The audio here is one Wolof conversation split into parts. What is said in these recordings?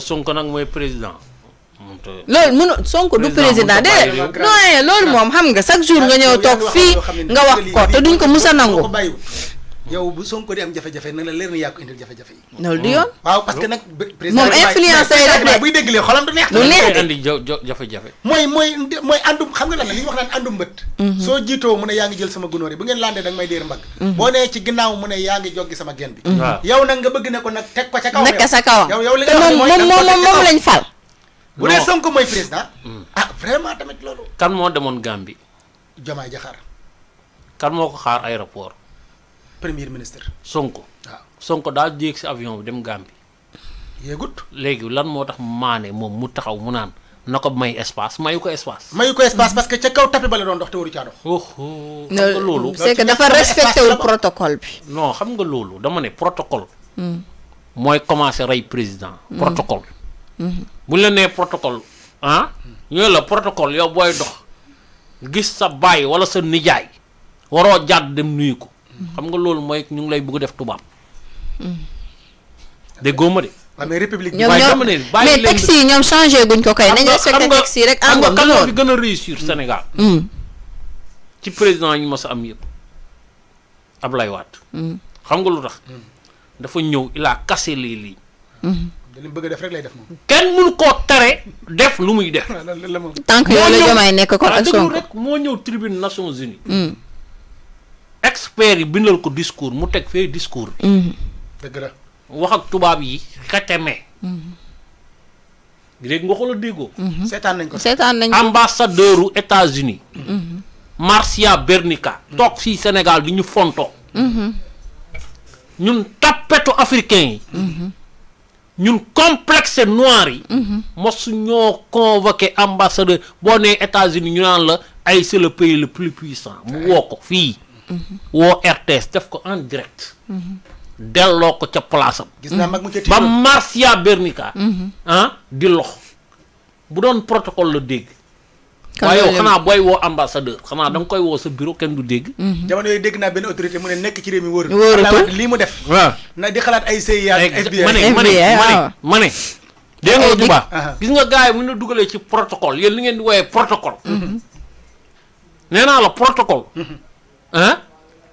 Sonko nag mooy président. loolu mënu Sonko du président de non eh, loolu moom xam nga chaque jour nga ñëw toog fii nga wax ko te duñ ko mus a nangu. yow bu sonko di am jafé jafé nak la leer na yaa ko jafé jafe-jafe yi. loolu waaw parce que nak président moom influenceur yi rek de buy dégg xolam du neex. lu neex andi jafé jafé moy moy moy andum xam nga lan la li wax nan andum mbët. Mhm. so jito mu ne yaangi jël sama gunoori bu ngeen laandee dag may deer mbag mhm. bo ne ci ginnaaw mu ne yaangi joggi sama gen bi. Mhm. yow nak nga bëgg ne ko nak tek ko ca kaw nak sa kaw yow yow li nga xam moy mom mom mom lañ fal. bu dee sonko moy président. ah vraiment tamit lolu kan mo demone Gambie. Jomaay jaxar kan moko xaar aéroport premier ministre. Sonko. waaw Sonko daal di yéeg si avion bi dem Gambie. yéegut léegi lan moo tax maane moom mu taxaw mu naan na ko may espace mayu ko espace. mayu ko espace parce que ca kaw tapis ba la doon dox te waru caa dox. xam nga loolu. c'est que xam nga loolu dama ne protocole. Hmm. mooy commencé rey président. Hmm. protocole. Hmm. bu la nee protocole ah ñooy la protocole yow booy dox gis sa baay wala sa nijaay waroo jàdd dem nuyu ko. xam nga loolu mooy ñu ngi lay bëgg def tubaab de ma de la mais république ñoom ñoom mais taxi ñom ñoom changé guñ ko kay nañ respecté texte yi rek engom xam nga kan fi gëna réussir mm. Sénégal mm. ci président ñu mësa am yëpp ablay wat mm. xam nga lu tax dafa ñëw il a cassé les lignes dañu bëgg def rek lay def moom kenn mënu koo tere def lu muy def tank yo la jamaay nek ko ak son rek mo ñëw tribune nations unies experts yi bindal ko discours mu teg fee discours bi. Mhm. dëgg la wax ak tubaab yi xeteme. Mhm. léegi nga xoolal déggoo. Mhm. seetaan nañ ko seetaan nañ ko ambassadeur u États-Unis. Marcia Bernica. toog fii Sénégal di ñu fontoo. ñun tappetu africain yi. ñun complexe noir yi. mosu ñoo convoqué ambassadeur boo nee États-Unis ñu naan la ay c'est le pays le plus puissant mu woo ko fii. Mhm. wo RTS def ko en direct mhm. delo ko ci place ba Marcia Bernica hein mhm. ah, di lox bu don protocole la dégg kan waaye yow xanaa booy ambassadeur xana dang koy wo sa bureau ken du deg jamono yoy deg na ben autorité mu ne nek ci rew mi wóor li mu def ah. na di xalat ay CIA ak FBI mané mané mané de nga tuba gis nga gaay mu ne dugale ci protocole yéen li ngeen di woyé protocole nee la protocole ah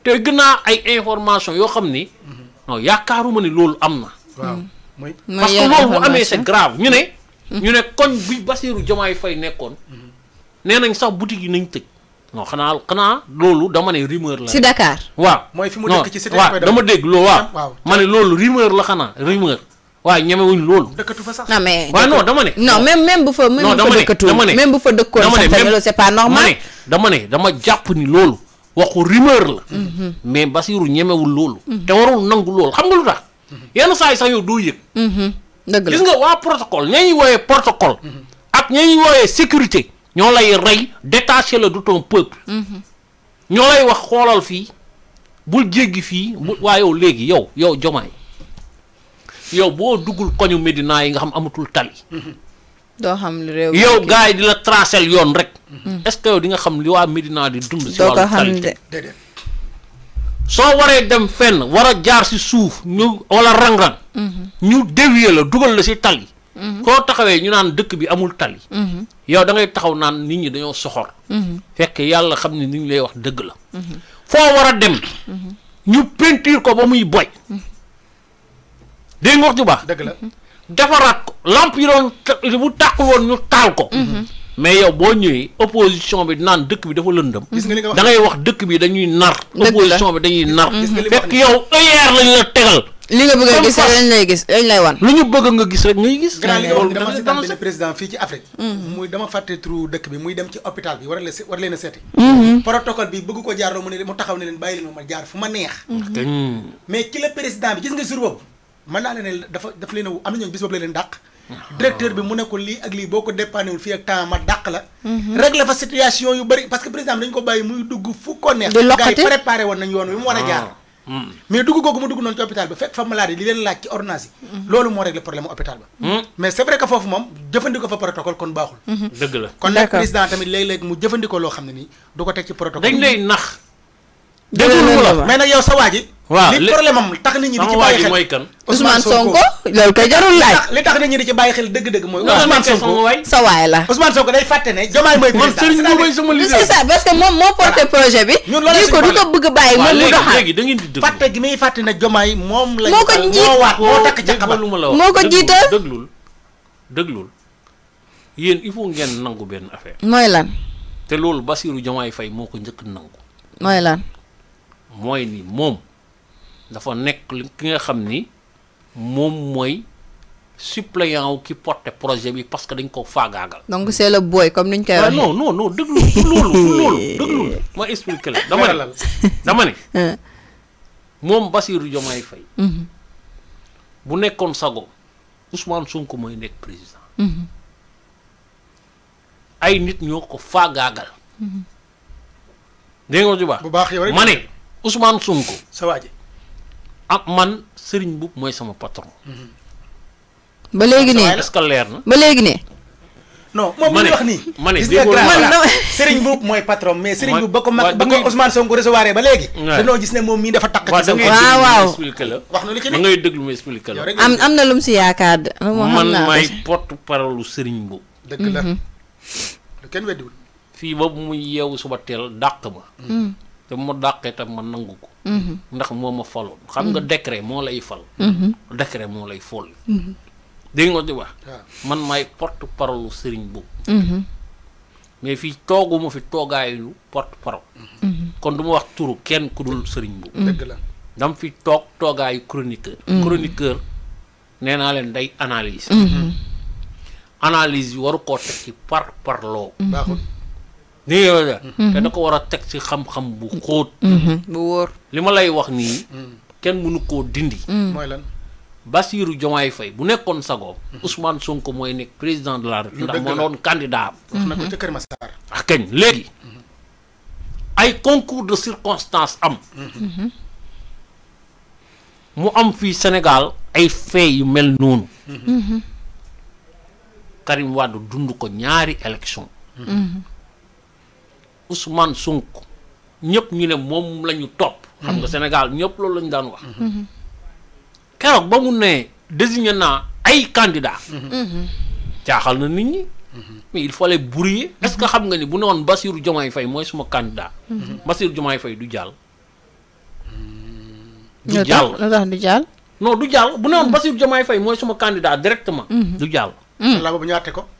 te gën naa ay information yoo xam ni mhm. non yaakaaruma ni loolu am na. waaw mhm. mooy parce que loolu bu amee c'est grave ñu ne. Mhm. ñu ne koñ bi Bassirou Diomaye Faye nekkoon. nee nañ sax boutique yi nañ tëj. non xanaa xanaa loolu dama ne rumeur la. si Dakar waaw. mooy fi mu dëkk ci cité waaw dama dégg loolu waaw. ma ne loolu rumeur la xanaa rumeur. waaw ñemewuñ loolu. dëkkatu sax non mais. waaw non dama ne. non même même bu fa. non dama ne dama ne même bu fa dëkkoon sax tamit c'est pas normal. dama ne dama jàpp ni loolu. waxu rumeur la. Mhm. mais Basiru ñemewu loolu. te warul nangu loolu xam nga lu tax. Mhm. yenn saay yi sax yow doo yëg. Mhm. dëgg la gis nga waa protocole ña ñuy wooyee protocole. ak ña ñuy wooyee sécurité. ñoo lay rey détaché la du ton peuple. ñoo lay wax xoolal fii bul jéggi fii bu waa yow léegi yow yow jomaay yow boo duggul koñu Medina yi nga xam amatul tali. doo yow gars yi di la tracel yoon rek. est-ce que yow di nga xam li waa Médina di dund. si wàllu qualité soo waree dem fenn war a jaar si suuf ñu wala rang-rang. Mhm. ñu dévier la dugal la si tali. koo mhm. taxawee ñu naan dëkk bi amul tali. Mhm. yow da taxaw naan nit ñi dañoo soxor. fekk yàlla xam ne ni ñu lay wax dëgg la. foo war a dem. ñu peinture ko ba muy boy. dégg nga ba ju la defaraat ko lamp yi doon bu tàkk woon ñu taal ko. mais yow boo ñëwee opposition bi naan dëkk bi dafa lëndëm. da ngay wax dëkk bi dañuy nar. opposition bi dañuy nar. fekk yow ER lañ la tegal. li nga bëgg a gis rek lañ lay gis wan. lu ñu bëgg nga gis rek ngay gis. grand li nga fii ci Afrique. Mm. muy dama fàtte turu bi muy dem ci hôpital bi a war leen a seeti. Mm-hmm. protocole ko jaarloo mu ne mu taxaw ne leen bàyyi leen ma jaar fu ma neex. Mm-hmm. mais ci la président gis nga jour boobu mën naa leen ne dafa daf leen a am na ñoom bis boobu la leen dàq directeur bi mu ne lii ak lii boo ko dépanné fii ak temps ma dàq la. réglé fa situation yu bëri parce que président dañ ko bàyyi muy dugg fu ko neex. di ah, hmm. hmm. loolu moo réglé problème hôpital ba. Hmm. mais c' est vrai que foofu moom jëfandikoo fa protocole kon baaxul. dëgg la kon nag président tamit léeg-léeg mu jëfandikoo loo xam ne nii du ko teg ci protocole. dañ lay nax. dëgg la mais nag yow sa waa ji waaw li problème am tax nit ñi di mooy kan Ousmane Sonko loolu koy jarul laaj li tax nit ñi di ci bàyyi xel dëgg-dëgg mooy Ousmane Sonko sa waay la Ousmane Sonko day fàtte ne Diomaye mooy président c'est ça moom moo porté projet bi di ko du ko bëgg bàyyi moom mu doxal fàtte gi muy fàtte ne Diomaye moom la moo ko njiit moo takk ca xabar moo ko jiital dëglul dëglul yéen il faut ngeen nangu benn affaire mooy lan te loolu Bassirou Diomaye Faye moo ko njëkk nangu mooy lan mooy ni moom dafa nekk li ki nga xam ni moom mooy suppléant wu ki porte projet bi parce que dañ ko faagaagal. donc c'est le boy comme niñ koy ah, waxee. non non non déglu loolu loolu déglu dama ne dama ne. Euh. moom Bassirou Diomaye Faye mm-hmm. bu nekkoon sago Ousmane Sonko mooy nekk président. Mm-hmm. ay nit ñoo ko faagaagal. Mm-hmm. dégg nga ma ne Ousmane Sonko. am man Serigne Mboup mooy sama patron. ba léegi ne est-ce leer na. ba léegi ne. non moom mi ma ne déggoo mooy patron mais Serigne Mboup ba ko mag ba ko Ousmane Sonko recevoir ba léegi. dañoo gis ne moom mii dafa takk. waaw wax na li ci ne ngay déglu ma expliqué la. am am na lu si yaakaar de. man maay porte parole lu Serigne Mboup. dëgg la mhm. lu kenn fii boobu mu yeewu suba teel dàq ma. Mhm. te mu dàqee tam ma nangu ko. Mm-hmm. ndax moo ma faloon xam nga mm-hmm. décret moo lay fal mm-hmm. décret moo lay fol dégg nga wax ah. man may porte parole sëriñ boobu mais fii tooguma fi toogaayu porte parole kon du ma wax turu kenn ku dul sëriñ boobu dama fi toog toogaayu chroniqueur chroniqueur nee naa leen day analyse analyse yi waru koo teg ci par parloo nii mhm. mhm. da ko war a teg ci xam-xam bu mhm. xóot bu lay wax nii kenn mënu ko dindi mooy lan Bassirou bu nekkoon sago Ousmane Sonko mooy nekk président de la République ndax moo doon candidat am ah, de circonstance am mu am fii senegal ay fee yu mel noonu Karim Wade ko ñaari élection Ousmane Sonko ñëpp ñu né mom la top xam nga mhm. Sénégal ñëpp loolu la daan wax mhm. mhm. kérok ba mu né désigné na ay candidat jaaxal na nit ñi mais il fallait brouiller est ce que xam nga ni bu ne woon Diomaye Faye moy suma candidat dujal Diomaye Faye du jàll du jàll du jàll non du jàll bu ne Diomaye Faye suma candidat directement du jàll la ko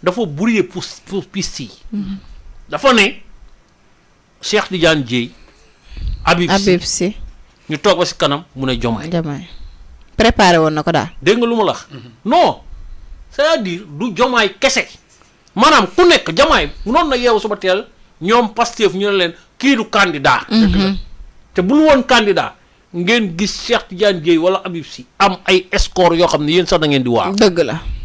dafa pour pour dafa ne Cheikh Tidiane Dièye. Habib Sy ñu toog ba si kanam mu ne Diomaye. Diomaye préparé woon na ko daal. dégg nga lu ma la wax. Mhm. non cest du Diomaye kese. maanaam ku nekk Diomaye munoon na yeewu suba teel ñoom Pastef ñu ne leen kii du candidat. Mhm. te bul woon candidat. ngeen gis Cheikh Tidiane Dièye wala Habib si am ay escort yoo xam ne yéen sax da ngeen di waaw. dëgg la.